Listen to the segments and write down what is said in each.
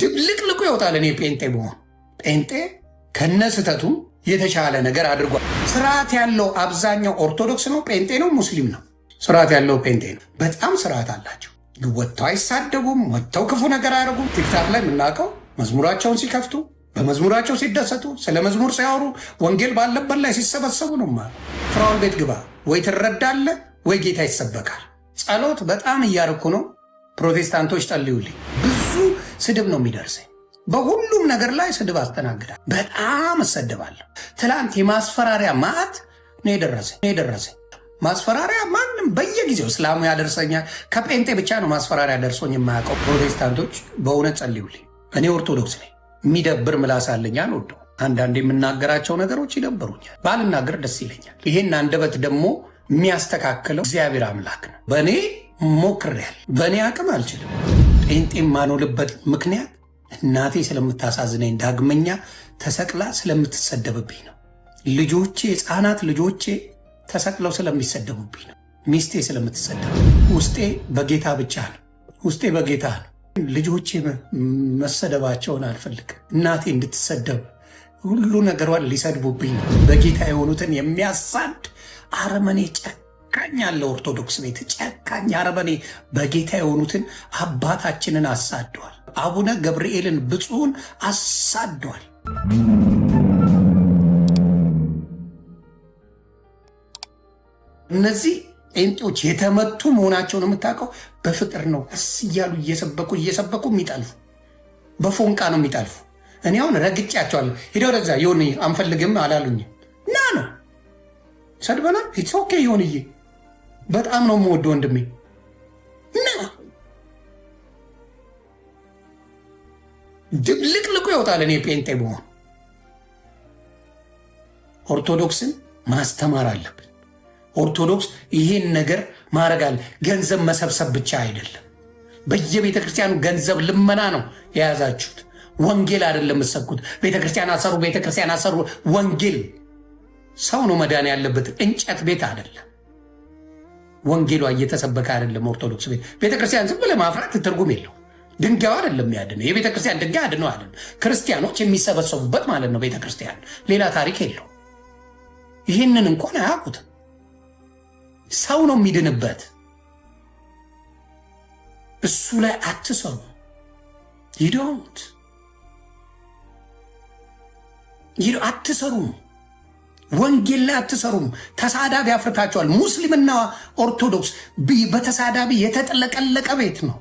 ድብልቅልቁ ይወጣል። እኔ ጴንጤ በሆን ጴንጤ ከነ ስህተቱ የተሻለ ነገር አድርጓል። ስርዓት ያለው አብዛኛው ኦርቶዶክስ ነው፣ ጴንጤ ነው፣ ሙስሊም ነው። ስርዓት ያለው ጴንጤ ነው። በጣም ስርዓት አላቸው። ወጥተው አይሳደቡም፣ ወጥተው ክፉ ነገር አያደርጉም። ቲክታክ ላይ የምናውቀው መዝሙራቸውን ሲከፍቱ፣ በመዝሙራቸው ሲደሰቱ፣ ስለ መዝሙር ሲያወሩ፣ ወንጌል ባለበት ላይ ሲሰበሰቡ ነው። ፍራውን ቤት ግባ ወይ ትረዳለ ወይ ጌታ ይሰበካል። ጸሎት በጣም እያርኩ ነው። ፕሮቴስታንቶች ጸልዩልኝ። ስድብ ነው የሚደርሰኝ። በሁሉም ነገር ላይ ስድብ አስተናግዳል። በጣም እሰድባለሁ። ትላንት የማስፈራሪያ ማዕት ነው የደረሰኝ ነው የደረሰኝ ማስፈራሪያ ማንም በየጊዜው እስላሙ ያደርሰኛል። ከጴንጤ ብቻ ነው ማስፈራሪያ ደርሶኝ የማያውቀው። ፕሮቴስታንቶች በእውነት ጸልዩልኝ። እኔ ኦርቶዶክስ ነኝ። የሚደብር ምላስ አለኝ። አልወደው አንዳንድ የምናገራቸው ነገሮች ይደብሩኛል። ባልናገር ደስ ይለኛል። ይሄን አንደበት ደግሞ የሚያስተካክለው እግዚአብሔር አምላክ ነው። በእኔ ሞክሬያለሁ። በእኔ አቅም አልችልም። ጴንጤ የማንልበት ምክንያት እናቴ ስለምታሳዝነኝ ዳግመኛ ተሰቅላ ስለምትሰደብብኝ ነው። ልጆቼ ህፃናት ልጆቼ ተሰቅለው ስለሚሰደቡብኝ ነው። ሚስቴ ስለምትሰደብ ውስጤ በጌታ ብቻ ነው። ውስጤ በጌታ ነው። ልጆቼ መሰደባቸውን አልፈልግም። እናቴ እንድትሰደብ ሁሉ ነገሯን ሊሰድቡብኝ ነው። በጌታ የሆኑትን የሚያሳድ አረመኔ ጨ ጨካኝ ያለ ኦርቶዶክስ ቤት ጨካኝ አረመኔ በጌታ የሆኑትን አባታችንን አሳደዋል። አቡነ ገብርኤልን ብፁዕን አሳደዋል። እነዚህ ጴንጤዎች የተመቱ መሆናቸውን የምታውቀው በፍቅር ነው። ቀስ እያሉ እየሰበኩ እየሰበኩ የሚጠልፉ በፎንቃ ነው የሚጠልፉ። እኔ አሁን ረግጫቸዋለሁ። ሄደ ወደዛ የሆነ አንፈልግም አላሉኝም። ና ነው ሰድበናል። ኢትስ ኦኬ ይሁንዬ በጣም ነው የምወድ ወንድሜ። ና ድብልቅልቁ ይወጣል። እኔ ጴንጤ በሆን ኦርቶዶክስን ማስተማር አለብን። ኦርቶዶክስ ይሄን ነገር ማድረግ አለ። ገንዘብ መሰብሰብ ብቻ አይደለም። በየቤተ ክርስቲያኑ ገንዘብ ልመና ነው የያዛችሁት። ወንጌል አይደለም የምትሰብኩት። ቤተ ክርስቲያን አሰሩ፣ ቤተ ክርስቲያን አሰሩ። ወንጌል ሰው ነው መዳን ያለበት እንጨት ቤት አይደለም። ወንጌሏ እየተሰበከ አይደለም። ኦርቶዶክስ ቤተክርስቲያን ዝም ብለህ ማፍራት ትርጉም የለው። ድንጋዩ አይደለም ያድነው፣ የቤተክርስቲያን ድንጋይ አድነው አይደለም። ክርስቲያኖች የሚሰበሰቡበት ማለት ነው ቤተክርስቲያን፣ ሌላ ታሪክ የለው። ይህንን እንኳን አያውቁትም። ሰው ነው የሚድንበት። እሱ ላይ አትሰሩ ይደውት አትሰሩም። ወንጌል ላይ አትሰሩም። ተሳዳቢ ያፍርካቸዋል። ሙስሊምና ኦርቶዶክስ በተሳዳቢ የተጥለቀለቀ ቤት ነው፣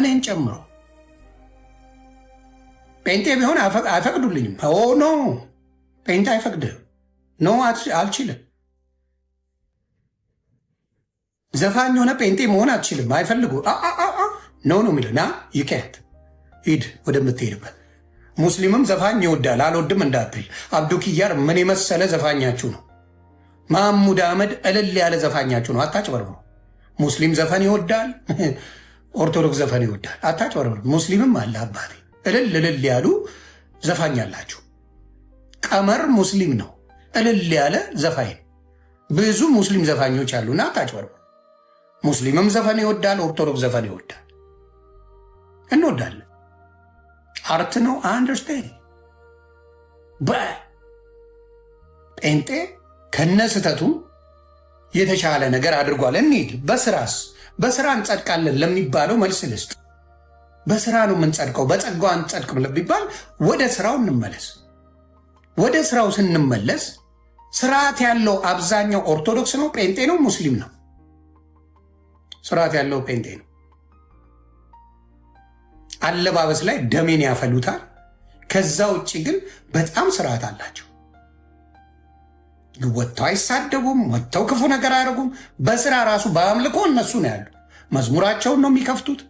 እኔን ጨምሮ። ጴንጤ ቢሆን አይፈቅዱልኝም። ኦ ኖ ጴንጤ አይፈቅድም። ኖ አልችልም። ዘፋኝ የሆነ ጴንጤ መሆን አትችልም። አይፈልጉ ኖ ነው የሚለና ይከት ሂድ ወደምትሄድበት ሙስሊምም ዘፋኝ ይወዳል አልወድም እንዳትል። አብዱክያር ምን የመሰለ ዘፋኛችሁ ነው። ማሙድ አህመድ እልል ያለ ዘፋኛችሁ ነው። አታጭበርብሩ። ሙስሊም ዘፈን ይወዳል፣ ኦርቶዶክስ ዘፈን ይወዳል። አታጭበርብሩ። ሙስሊምም አለ አባቴ እልል እልል ያሉ ዘፋኝ አላችሁ። ቀመር ሙስሊም ነው፣ እልል ያለ ዘፋኝ። ብዙ ሙስሊም ዘፋኞች አሉና አታጭበርብሩ። ሙስሊምም ዘፈን ይወዳል፣ ኦርቶዶክስ ዘፈን ይወዳል። እንወዳለን ፓርት ነው። አንደርስታንድ በጴንጤ ከነ ስህተቱ የተሻለ ነገር አድርጓል። እንሂድ። በስራስ በስራ እንጸድቃለን ለሚባለው መልስ ልስጥ። በስራ ነው የምንጸድቀው፣ በጸጋው አንጸድቅም ለሚባል ወደ ስራው እንመለስ። ወደ ስራው ስንመለስ ስርዓት ያለው አብዛኛው ኦርቶዶክስ ነው፣ ጴንጤ ነው፣ ሙስሊም ነው። ስርዓት ያለው ጴንጤ ነው። አለባበስ ላይ ደሜን ያፈሉታል። ከዛ ውጭ ግን በጣም ስርዓት አላቸው። ወጥተው አይሳደቡም፣ ወጥተው ክፉ ነገር አያደርጉም። በስራ ራሱ በአምልኮ እነሱ ነው ያሉ። መዝሙራቸውን ነው የሚከፍቱት።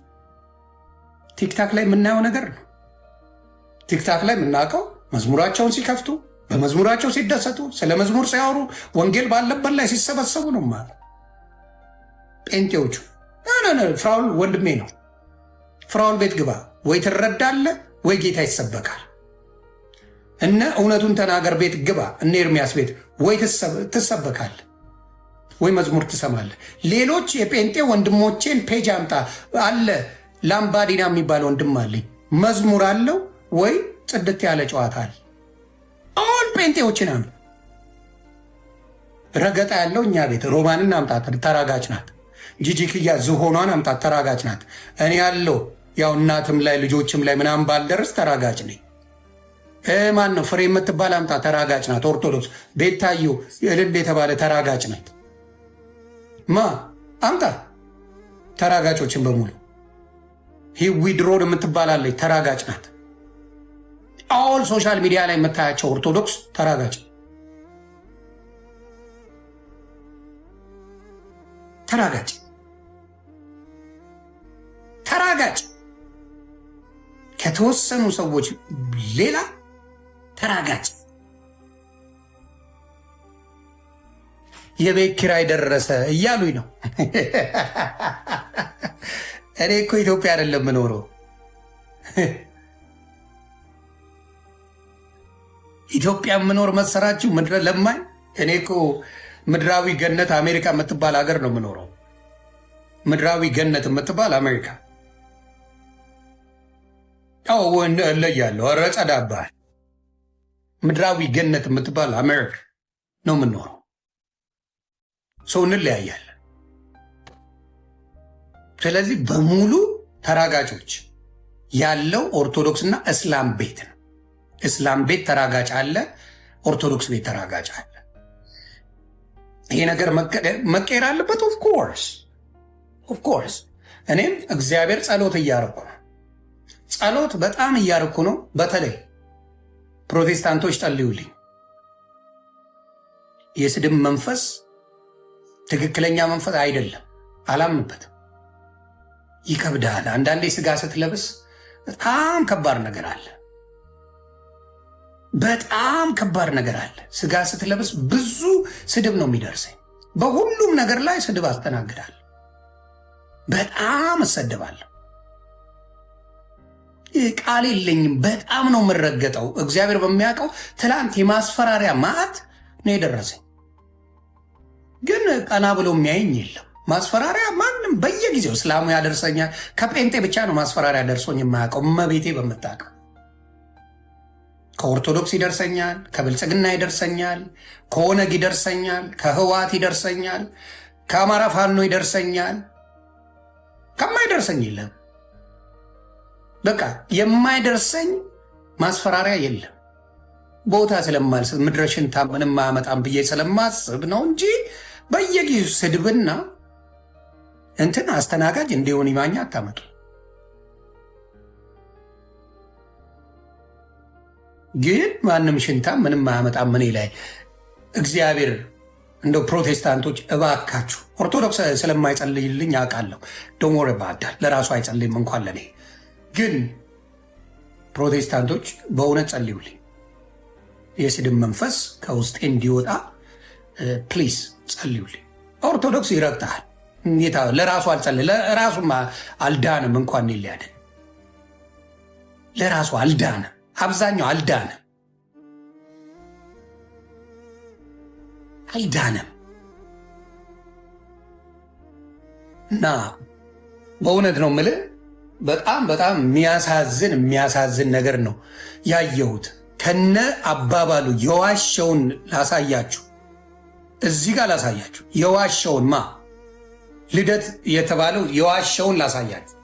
ቲክታክ ላይ የምናየው ነገር ነው። ቲክታክ ላይ የምናውቀው መዝሙራቸውን ሲከፍቱ፣ በመዝሙራቸው ሲደሰቱ፣ ስለ መዝሙር ሲያወሩ፣ ወንጌል ባለበት ላይ ሲሰበሰቡ ነው ማለት ጴንጤዎቹ ፍራውል ወንድሜ ነው ፍራውን ቤት ግባ፣ ወይ ትረዳለህ ወይ ጌታ ይሰበካል። እነ እውነቱን ተናገር ቤት ግባ፣ እነ ኤርሚያስ ቤት ወይ ትሰበካል ወይ መዝሙር ትሰማለ ሌሎች የጴንጤ ወንድሞቼን ፔጅ አምጣ አለ። ላምባዲና የሚባል ወንድም አለኝ። መዝሙር አለው ወይ ጽድት ያለ ጨዋታ አለ። አሁን ጴንጤዎችን አምጣ። ረገጣ ያለው እኛ ቤት ሮማንን አምጣ፣ ተራጋጭ ናት። ጂጂ ክያ ዝሆኗን አምጣት። ተራጋጭ ናት። እኔ ያለው ያው እናትም ላይ ልጆችም ላይ ምናምን ባልደርስ ተራጋጭ ነኝ። ማን ነው ፍሬ የምትባል አምጣ። ተራጋጭ ናት። ኦርቶዶክስ ቤታዩ እልል የተባለ ተራጋጭ ናት። ማ አምጣ። ተራጋጮችን በሙሉ ሂዊ ድሮን የምትባላለች ተራጋጭ ናት። አሁን ሶሻል ሚዲያ ላይ የምታያቸው ኦርቶዶክስ ተራጋጭ ተራጋጭ ተራጋጭ ከተወሰኑ ሰዎች ሌላ ተራጋጭ። የቤት ኪራይ ደረሰ እያሉኝ ነው። እኔ እኮ ኢትዮጵያ አይደለም የምኖረው። ኢትዮጵያ የምኖር መሰራችሁ ምድረ ለማኝ እኔ እኮ ምድራዊ ገነት አሜሪካ የምትባል ሀገር ነው የምኖረው። ምድራዊ ገነት የምትባል አሜሪካ ው እለያለሁ። ምድራዊ ገነት የምትባል አሜሪካ ነው የምኖረው። ሰው እንለያያለን። ስለዚህ በሙሉ ተራጋጮች ያለው ኦርቶዶክስና እስላም ቤት ነው። እስላም ቤት ተራጋጭ አለ፣ ኦርቶዶክስ ቤት ተራጋጭ አለ። ይሄ ነገር መቀየር አለበት። ኦፍኮርስ ኦፍኮርስ። እኔም እግዚአብሔር ጸሎት እያረኩ ነው። ጸሎት በጣም እያረኩ ነው። በተለይ ፕሮቴስታንቶች ጸልዩልኝ። የስድብ መንፈስ ትክክለኛ መንፈስ አይደለም፣ አላምንበትም። ይከብዳል። አንዳንዴ ስጋ ስትለብስ በጣም ከባድ ነገር አለ። በጣም ከባድ ነገር አለ። ስጋ ስትለብስ ብዙ ስድብ ነው የሚደርሰኝ። በሁሉም ነገር ላይ ስድብ አስተናግዳል። በጣም ይህ ቃል የለኝም። በጣም ነው የምረገጠው። እግዚአብሔር በሚያውቀው ትላንት የማስፈራሪያ ማዕት ነው የደረሰኝ፣ ግን ቀና ብሎ የሚያይኝ የለም። ማስፈራሪያ ማንም በየጊዜው እስላሙ ያደርሰኛል። ከጴንጤ ብቻ ነው ማስፈራሪያ ደርሶኝ የማያውቀው እመቤቴ በምታውቀው ከኦርቶዶክስ ይደርሰኛል፣ ከብልጽግና ይደርሰኛል፣ ከኦነግ ይደርሰኛል፣ ከህወሓት ይደርሰኛል፣ ከአማራ ፋኖ ይደርሰኛል። ከማይደርሰኝ የለም። በቃ የማይደርሰኝ ማስፈራሪያ የለም። ቦታ ስለማልስብ ምድረሽን ታምንም አያመጣም ብዬ ስለማስብ ነው እንጂ በየጊዜው ስድብና እንትን አስተናጋጅ እንዲሆን ይማኛ አታመጡ ግን ማንም ሽንታ ምንም አያመጣም እኔ ላይ እግዚአብሔር እንደ ፕሮቴስታንቶች እባካችሁ ኦርቶዶክስ ስለማይጸልይልኝ አውቃለሁ። ዶሞር ባዳል ለራሱ አይጸልይም እንኳን ለኔ። ግን ፕሮቴስታንቶች በእውነት ጸልዩልኝ፣ የስድብ መንፈስ ከውስጤ እንዲወጣ ፕሊስ ጸልዩልኝ። ኦርቶዶክስ ይረግጠሃል። ለራሱ አልጸልይ ለራሱም አልዳንም እንኳን ሊያድን ለራሱ አልዳንም። አብዛኛው አልዳነም አልዳነም። እና በእውነት ነው የምልህ በጣም በጣም የሚያሳዝን የሚያሳዝን ነገር ነው ያየሁት። ከነ አባባሉ የዋሸውን ላሳያችሁ፣ እዚህ ጋር ላሳያችሁ። የዋሸውን ማ ልደት የተባለው የዋሸውን ላሳያችሁ።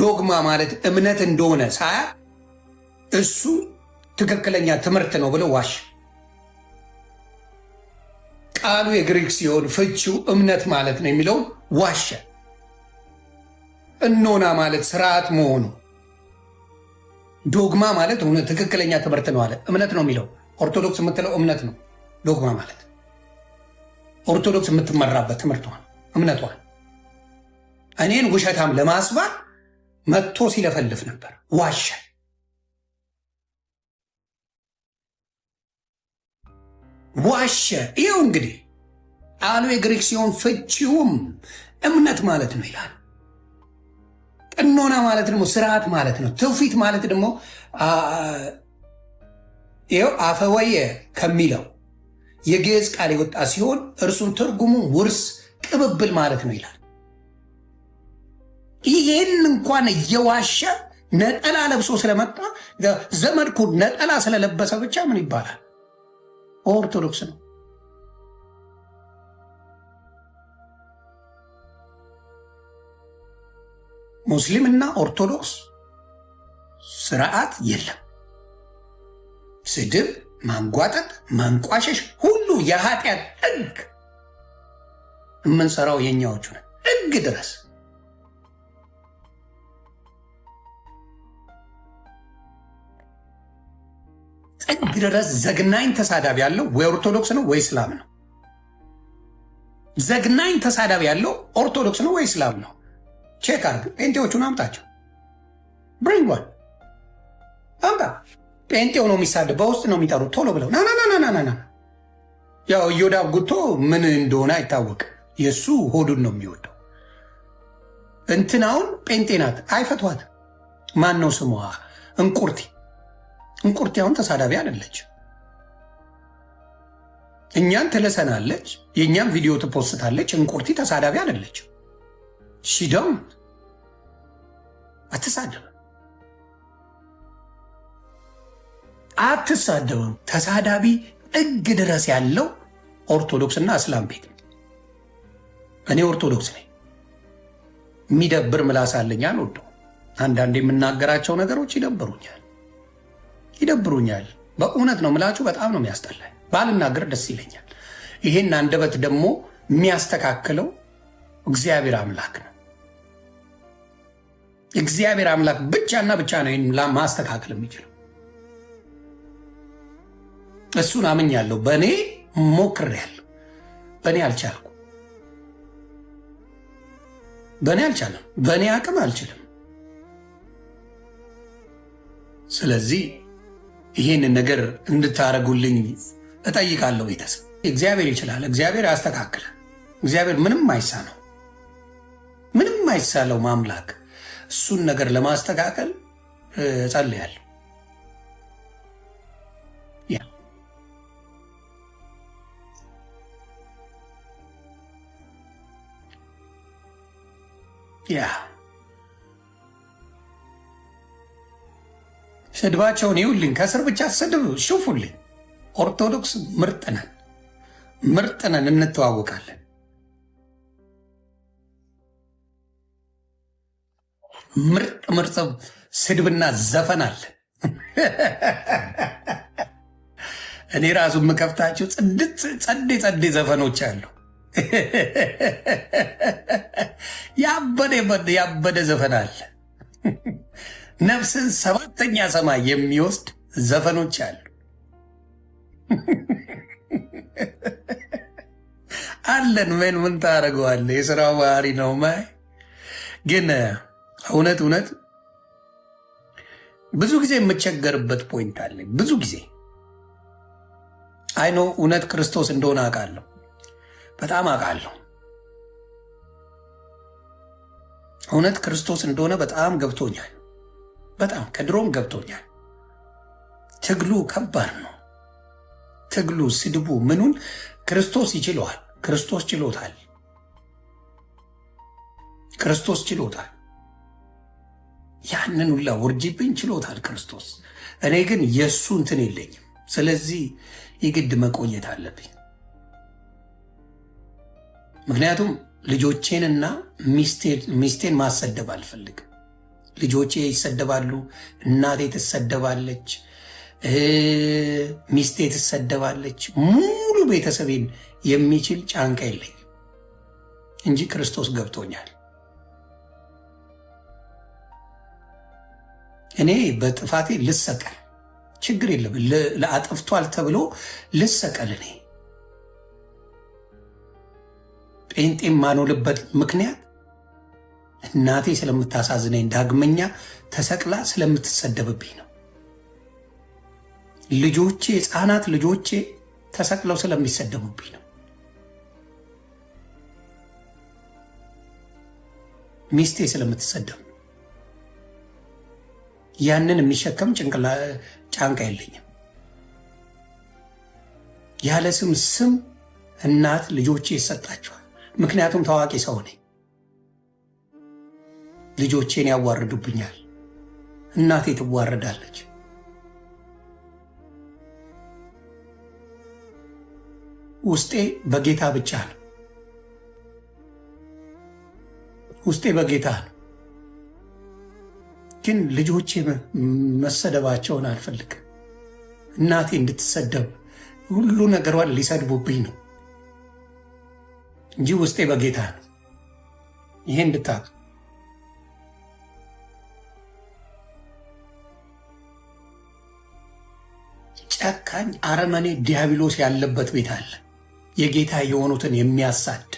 ዶግማ ማለት እምነት እንደሆነ ሳያ እሱ ትክክለኛ ትምህርት ነው ብሎ ዋሽ። ቃሉ የግሪክ ሲሆን ፍቺው እምነት ማለት ነው የሚለው ዋሸ። እኖና ማለት ስርዓት መሆኑ፣ ዶግማ ማለት ትክክለኛ ትምህርት ነው አለ። እምነት ነው የሚለው ኦርቶዶክስ የምትለው እምነት ነው። ዶግማ ማለት ኦርቶዶክስ የምትመራበት ትምህርቷን እምነቷን እኔን ውሸታም ለማስባል መጥቶ ሲለፈልፍ ነበር። ዋሸ። ዋሸ። ይኸው እንግዲህ አሉ የግሪክ ሲሆን ፍቺውም እምነት ማለት ነው ይላል። ቅኖና ማለት ደግሞ ስርዓት ማለት ነው። ትውፊት ማለት ደግሞ ይኸው አፈወየ ከሚለው የግዕዝ ቃል የወጣ ሲሆን እርሱን ትርጉሙ ውርስ፣ ቅብብል ማለት ነው ይላል። ይህን እንኳን እየዋሸ ነጠላ ለብሶ ስለመጣ ዘመድኩ ነጠላ ስለለበሰ ብቻ ምን ይባላል? ኦርቶዶክስ ነው። ሙስሊምና ኦርቶዶክስ ስርዓት የለም። ስድብ፣ ማንጓጠጥ፣ ማንቋሸሽ ሁሉ የኃጢአት ህግ የምንሰራው የኛዎቹ ህግ ድረስ ጥግ ድረስ ዘግናኝ ተሳዳቢ ያለው ወይ ኦርቶዶክስ ነው ወይ እስላም ነው። ዘግናኝ ተሳዳቢ ያለው ኦርቶዶክስ ነው ወይ እስላም ነው። ቼክ አድርግ። ጴንጤዎቹን አምጣቸው። ብሪንግ ዋን አምጣ። ጴንጤው ነው የሚሳደብ፣ በውስጥ ነው የሚጠሩት ቶሎ ብለው ናናናናናና። ያው እዮዳብ ጉቶ ምን እንደሆነ አይታወቅ የእሱ ሆዱን ነው የሚወደው። እንትናውን ጴንጤ ናት አይፈቷት። ማን ነው ስሟ? እንቁርቲ እንቁርቲ አሁን ተሳዳቢ አደለች። እኛን ትለሰናለች፣ የእኛን ቪዲዮ ትፖስታለች። እንቁርቲ ተሳዳቢ አደለች። ሲደም አትሳደብም፣ አትሳደብም። ተሳዳቢ ጥግ ድረስ ያለው ኦርቶዶክስና እስላም ቤት እኔ ኦርቶዶክስ ነኝ። የሚደብር ምላስ አለኝ፣ አንዳንድ የምናገራቸው ነገሮች ይደብሩኛል። ይደብሩኛል። በእውነት ነው ምላችሁ፣ በጣም ነው የሚያስጠላኝ። ባልናገር ደስ ይለኛል። ይሄን አንደበት ደግሞ የሚያስተካክለው እግዚአብሔር አምላክ ነው። እግዚአብሔር አምላክ ብቻና ብቻ ነው ይህን ማስተካከል የሚችለው። እሱን አምኛለሁ። በእኔ ሞክሬያለሁ። በእኔ አልቻልኩም። በእኔ አልቻለም። በእኔ አቅም አልችልም። ስለዚህ ይሄንን ነገር እንድታደርጉልኝ እጠይቃለሁ። ቤተሰብ እግዚአብሔር ይችላል። እግዚአብሔር ያስተካክለ። እግዚአብሔር ምንም አይሳ ነው ምንም አይሳለው ማምላክ። እሱን ነገር ለማስተካከል እጸልያለሁ። ያ ስድባቸውን ይውልኝ፣ ከስር ብቻ ስድብ ሽፉልኝ። ኦርቶዶክስ ምርጥ ነን፣ ምርጥ ነን፣ እንተዋወቃለን። ምርጥ ምርጥ ስድብና ዘፈን አለ። እኔ ራሱ የምከፍታቸው ጸዴ ጸዴ ዘፈኖች አሉ። ያበደ ያበደ ዘፈን አለ። ነፍስን ሰባተኛ ሰማይ የሚወስድ ዘፈኖች አሉ። አለን ምን ምን ታደርገዋለህ? የስራው ባህሪ ነው። ማይ ግን እውነት እውነት ብዙ ጊዜ የምቸገርበት ፖይንት አለ። ብዙ ጊዜ አይኖ እውነት ክርስቶስ እንደሆነ አውቃለሁ፣ በጣም አውቃለሁ። እውነት ክርስቶስ እንደሆነ በጣም ገብቶኛል። በጣም ከድሮም ገብቶኛል። ትግሉ ከባድ ነው። ትግሉ፣ ስድቡ፣ ምኑን ክርስቶስ ይችለዋል። ክርስቶስ ችሎታል። ክርስቶስ ችሎታል። ያንን ሁላ ውርጅብኝ ችሎታል ክርስቶስ። እኔ ግን የእሱ እንትን የለኝም። ስለዚህ የግድ መቆየት አለብኝ። ምክንያቱም ልጆቼንና ሚስቴን ማሰደብ አልፈልግም። ልጆቼ ይሰደባሉ፣ እናቴ ትሰደባለች፣ ሚስቴ ትሰደባለች፣ ሙሉ ቤተሰቤን የሚችል ጫንቃ የለኝም እንጂ ክርስቶስ ገብቶኛል። እኔ በጥፋቴ ልሰቀል ችግር የለም። ለአጥፍቷል ተብሎ ልሰቀል እኔ ጴንጤ ማኖልበት ምክንያት እናቴ ስለምታሳዝነኝ ዳግመኛ ተሰቅላ ስለምትሰደብብኝ ነው። ልጆቼ ህፃናት ልጆቼ ተሰቅለው ስለሚሰደቡብኝ ነው። ሚስቴ ስለምትሰደብ ነው። ያንን የሚሸከም ጭንቅላ ጫንቃ የለኝም። ያለ ስም ስም እናት ልጆቼ ይሰጣቸዋል። ምክንያቱም ታዋቂ ሰው ነኝ። ልጆቼን ያዋርዱብኛል፣ እናቴ ትዋረዳለች። ውስጤ በጌታ ብቻ ነው። ውስጤ በጌታ ነው። ግን ልጆቼ መሰደባቸውን አልፈልግም። እናቴ እንድትሰደብ ሁሉ ነገሯን ሊሰድቡብኝ ነው እንጂ ውስጤ በጌታ ነው። ይሄ እንድታቅ ጨካኝ አረመኔ ዲያብሎስ ያለበት ቤት አለ። የጌታ የሆኑትን የሚያሳድ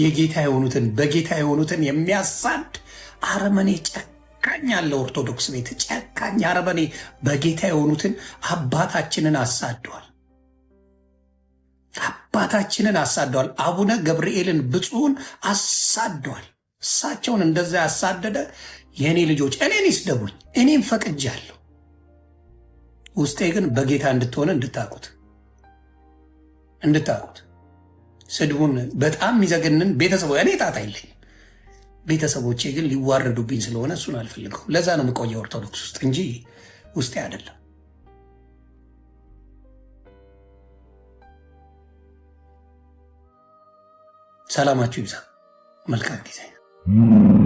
የጌታ የሆኑትን በጌታ የሆኑትን የሚያሳድ አረመኔ ጨካኝ አለ። ኦርቶዶክስ ቤት ጨካኝ አረመኔ በጌታ የሆኑትን አባታችንን አሳደዋል። አባታችንን አሳደዋል። አቡነ ገብርኤልን ብፁዕን አሳደዋል። እሳቸውን እንደዛ ያሳደደ የእኔ ልጆች እኔን ይስደቡኝ፣ እኔም ፈቅጃለሁ ውስጤ ግን በጌታ እንድትሆነ እንድታቁት እንድታቁት ስድቡን በጣም የሚዘገንን ቤተሰቦ እኔ ጣት አይለኝም። ቤተሰቦቼ ግን ሊዋረዱብኝ ስለሆነ እሱን አልፈልገው። ለዛ ነው የምቆየው ኦርቶዶክስ ውስጥ እንጂ ውስጤ አይደለም። ሰላማችሁ ይብዛ። መልካም ጊዜ